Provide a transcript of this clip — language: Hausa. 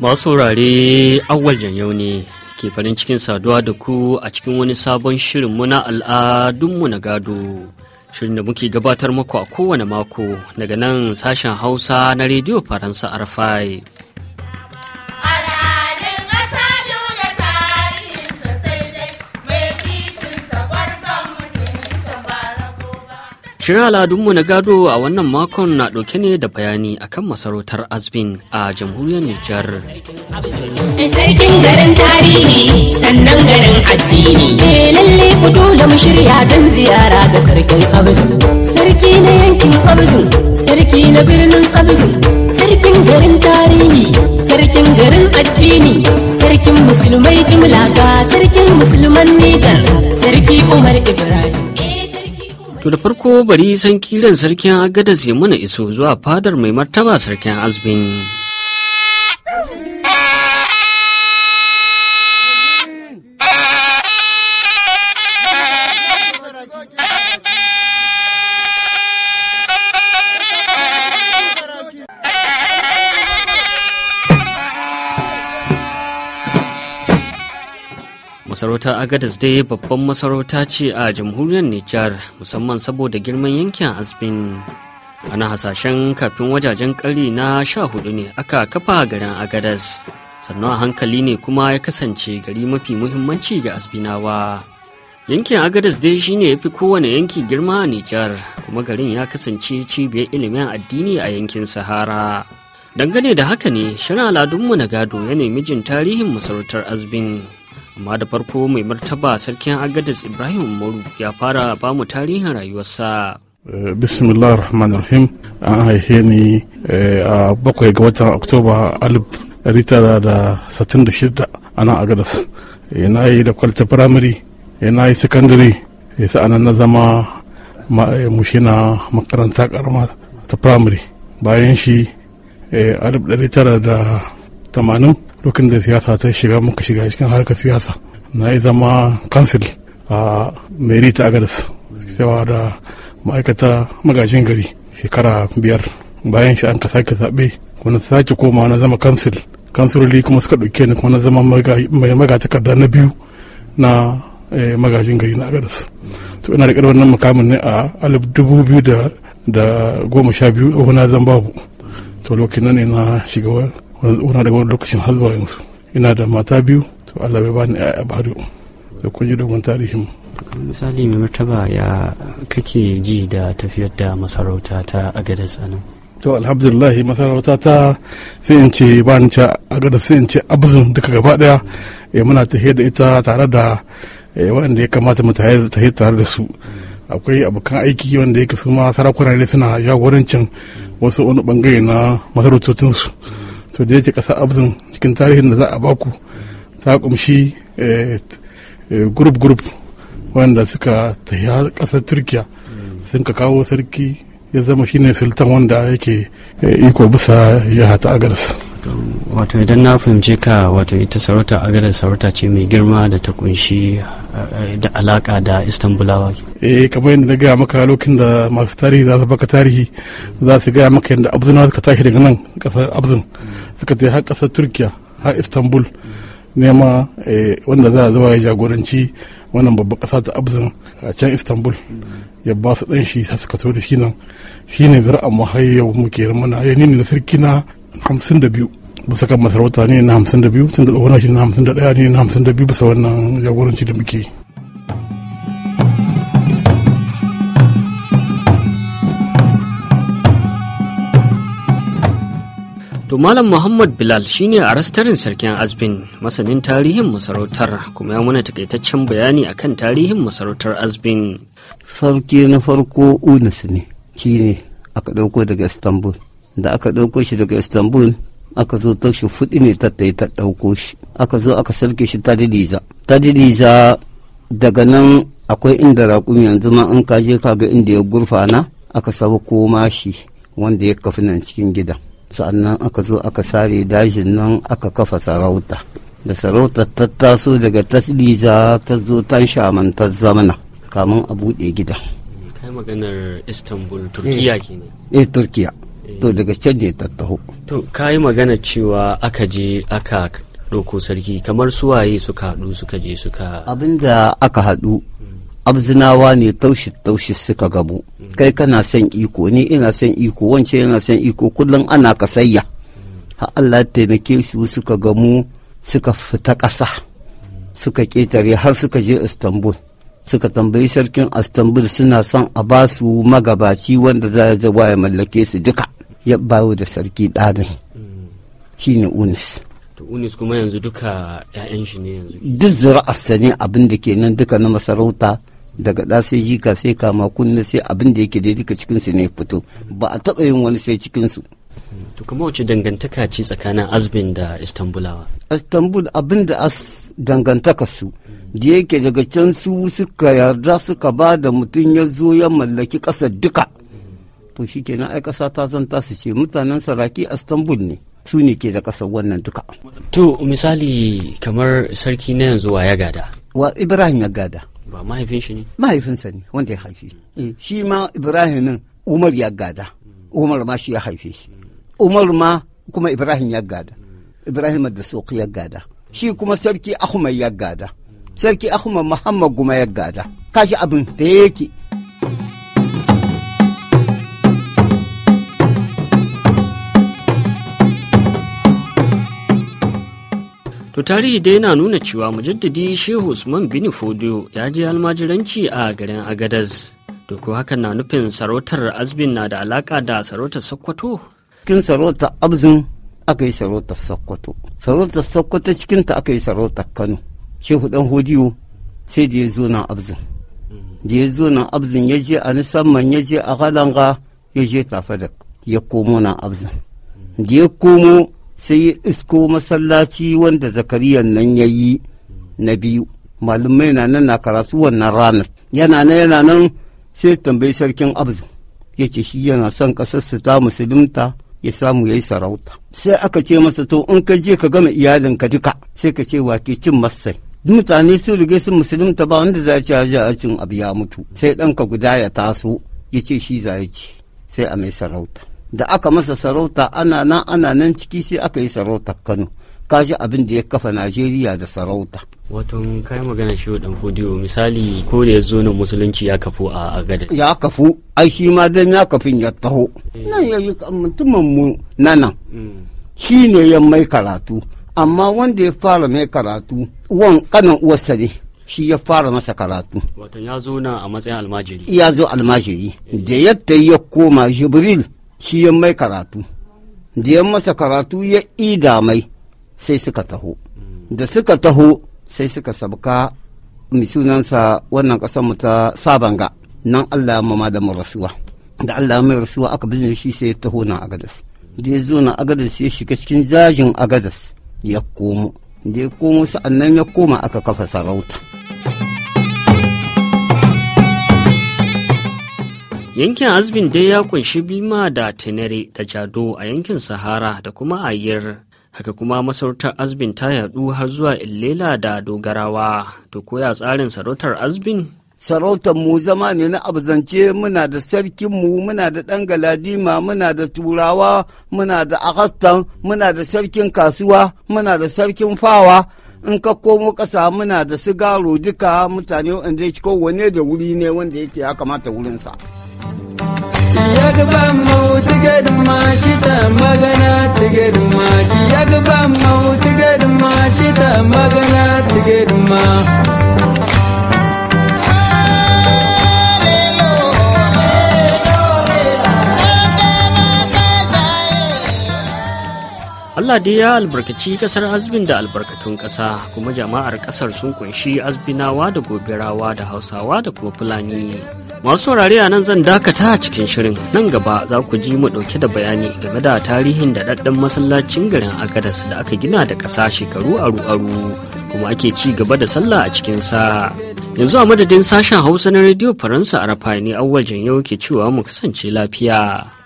masu saurare jan janyau ne ke farin cikin saduwa da ku a cikin wani sabon shirinmu na al'adunmu na gado shirin da muke gabatar muku a kowane mako daga nan sashen hausa na rediyo faransa arfai Shirin al'adunmu na gado a wannan makon na ɗauke ne da bayani akan masarautar Azbin a jamhuriyar Nijar. Sarkin garin tarihi sannan garin addini. Eh lalle ku dole mu shirya don ziyara ga sarkin Abzin. Sarki na yankin Abzin, sarki na birnin Abzin, sarkin garin tarihi, sarkin garin addini, sarkin musulmai jimla sarkin musulman Nijar, sarki Umar Ibrahim. To da farko bari san kiran sarkin agadas ya mana iso zuwa fadar mai martaba sarkin azbin. Masarautar Agadez dai babban masarauta ce a jamhuriyar Nijar musamman saboda girman yankin Asbin. Ana hasashen kafin wajajen kari na sha hudu ne aka kafa garin Agadez. Sannan a hankali ne kuma ya kasance gari mafi muhimmanci ga Asbinawa. Yankin Agadez dai shine ya fi kowane yanki girma a Nijar kuma garin ya kasance cibiyar ilimin addini a yankin Sahara. Dangane da haka ne, shirin al'adunmu na gado ya nemi jin tarihin masarautar Asbin. amma da farko mai martaba sarkin agadis ibrahim umaru ya fara bamu tarihin rayuwarsa eh, bismillah rahman rahim an haife ni eh, a bakwai ga watan oktoba alif shida a nan agadis eh, na yi da kwalta firamare na yi sakandare sa'anan na zama mushi na makaranta karama ta firamare bayan shi alif tamanin. lokacin da siyasa ta shiga muka shiga cikin harkar siyasa na yi zama kansil a a agadas cewa da ma'aikata magajin gari shekara biyar bayan shi an ka sake zaɓe kuma ta sake koma na zama kansil kansiloli kuma suka ɗauke ni kuma na zama mai magatakarda na biyu na eh, magajin gari na agadas to ina da ƙarfin nan mukamin ne a alif dubu biyu da goma sha biyu wani zan babu to lokacin nan ne na shiga wana daga wani lokacin har zuwa yanzu ina da mata biyu to allah bai bani a ba da kun ji dogon tarihin misali mai martaba ya kake ji da tafiyar da masarauta ta a a nan to alhamdulillah masarauta ta sai in ce ba ni a gada sai in ce abuzin duka gaba daya eh, muna tafiyar da ita tare da eh, waɗanda ya kamata mu tafiyar tare da su akwai abokan aiki wanda yake su ma sarakuna ne suna jagorancin wasu wani bangare na masarautocinsu. su to da yake kasa abzin cikin tarihin da za a baku ta kumshi eh, eh, gurup grup wanda suka tafiya ƙasar turkiya sun ka kawo sarki ya zama shine sultan wanda yake eh, iko bisa ya ta agaris. wato idan na fahimci ka wato ita sarauta a agadar sarauta ce mai girma da ta kunshi eh, da alaka da istanbulawa eh kamar yadda gaya maka lokacin da masu tarihi za su baka tarihi za su gaya maka yadda abduna suka tashi daga nan kasar abuzin suka je har kasar turkiya har istanbul nema eh, wanda za a zuwa ya jagoranci wannan babban kasa ta abuzin a can istanbul ya ba su ɗan shi suka to da shi nan shi ne zara'a mu har yau muke muna ya nini na sarki na hamsin da biyu bisa kan masarauta ne na hamsin da biyu tun da tsohon shi na hamsin da ɗaya ne na hamsin da biyu bisa wannan jagoranci da muke To Malam Muhammad Bilal shine a rastarin sarkin Azbin, masanin tarihin masarautar kuma ya muna takaitaccen bayani akan tarihin masarautar Azbin. Sarki na farko Unus ne, shi ne aka ɗauko daga Istanbul. Da aka ɗauko shi daga Istanbul aka zo shi fuɗi ne ta ta ɗauko shi aka zo aka sarke shi ta didiza ta didiza daga nan akwai inda raƙumi yanzu ma an kaje kaga inda ya gurfana aka saba koma shi wanda ya kafi nan cikin gida sa'annan aka zo aka sare dajin nan aka kafa sarauta da sarauta ta taso daga didiza ta zo tan shaman ta zamana kamun a buɗe gida kai maganar istanbul turkiya kenan eh turkiya to daga can ne tattaho to ka yi magana cewa aka je aka doko sarki kamar suwaye suka haɗu suka je suka abinda aka haɗu abzinawa ne taushi taushi suka gamu kai kana son iko ni ina son iko wance yana son iko kullum ana kasayya ha Allah taimake su suka gamu suka fita ƙasa suka ƙetare har suka je Istanbul suka tambayi sarkin Istanbul suna son a ba su magabaci wanda za ya mallake su duka ya bawo da sarki ɗarin shi ne unis to unis kuma yanzu duka 'ya'yan shi ne yanzu duk zira'arsa ne abin da ke nan duka na masarauta daga ɗa sai jika sai kama kunna sai abin da yake dai duka cikinsu ne fito ba a taɓa yin wani sai cikinsu to kuma wace dangantaka ce tsakanin azbin da istanbulawa istanbul abin da as dangantaka su da yake daga can su suka yarda suka ba da mutum ya zo ya mallaki ƙasar duka to shi kenan ai ƙasa ta zanta su ce mutanen saraki a istanbul ne su ne ke da ƙasar wannan duka. to misali kamar sarki na yanzu wa ya gada. wa ibrahim ya gada. ba mahaifin shi ne. mahaifinsa ne wanda ya haifi eh, shi ma ibrahim nan umar ya gada umar ma shi ya haife shi umar ma kuma ibrahim ya gada ibrahim da soki ya gada shi kuma sarki ahmad ya gada sarki ahmad muhammad kuma ya gada kashi abin da yake To tarihi dai na nuna cewa mujaddadi Shehu Usman bin Fodio ya je almajiranci a garin Agadez. To ko hakan na nufin sarautar Azbin na da alaka da sarautar Sokoto? Cikin sarautar Abzin aka yi sarautar Sokoto. Sarautar Sokoto cikinta aka yi sarautar Kano. Shehu dan Hodiyo sai da ya zo na Abzin. Da ya zo na Abzin ya je a musamman ya je a Galanga ya je da ya komo na Abzin. Da ya komo sai ya isko masallaci wanda zakariyan nan ya yi na biyu malumai na nan na karatu wannan ranar yana nan yana nan sai tambayi sarkin abzu ya ce shi yana son su ta musulunta ya samu ya yi sarauta sai aka ce masa to in ka je ka gama ka duka sai ka ce wa ke cin masai mutane sun riga sun musulunta ba wanda za ci a cin abu ya mutu sai ɗanka guda ya taso ya ce shi za ya ci sai a mai sarauta da aka masa sarauta ana nan ana nan ciki sai aka yi sarauta kano kaji abin da ya kafa najeriya da sarauta wato kai magana shi dan kodiyo misali ko da ya zo nan musulunci ya kafu a agada ya kafu ai shi ma dan ya kafin ya taho eh. nan ya yi mutumin mu na nan mm. shi ne ya mai karatu amma wanda ya fara mai karatu wan kanan uwarsa ne shi ya fara masa karatu. Wato ya zo na a matsayin almajiri. Ya zo almajiri. Da yadda ya koma Jibril shi ya mai karatu da ya masa karatu ya ida mai sai suka taho da suka taho sai suka sabka misunansa wannan ƙasar mu ta sabanga nan Allah ya mama da rasuwa da Allah ya mai rasuwa aka bizne shi sai ya taho na agadas da ya zo na agadas ya shiga cikin jajin agadas ya komo da ya komo sa'annan ya koma aka kafa sarauta yankin azbin dai ya kunshi bima da tenere da jado a yankin sahara da kuma Ayir. haka kuma masarautar azbin ta yadu har zuwa illela da dogarawa to koya tsarin sarautar azbin sarautar mu zama ne na abzance muna da sarkinmu muna da ɗan galadima muna da turawa muna da akastan muna da sarkin kasuwa muna da sarkin fawa in ka komo ƙasa muna da sigaro duka mutane wanda ya ci kowane da wuri ne wanda yake ya kamata wurinsa. Yagban mawu ta gadin ma ci ta magana ta gadin Allah dai ya albarkaci kasar azbin da albarkatun ƙasa kuma jama'ar ƙasar sun kunshi azbinawa da gobirawa da hausawa da kuma fulani. Masu saurare a nan zan dakata a cikin shirin nan gaba za ku ji mu ɗauke da bayani game da tarihin da daddan masallacin garin Agadas da aka gina da ƙasa shekaru aru-aru kuma ake ci gaba da sallah a cikin sa Yanzu a madadin sashen Hausa na Radio Faransa a Rafa ne awwal yau ke cewa mu kasance lafiya.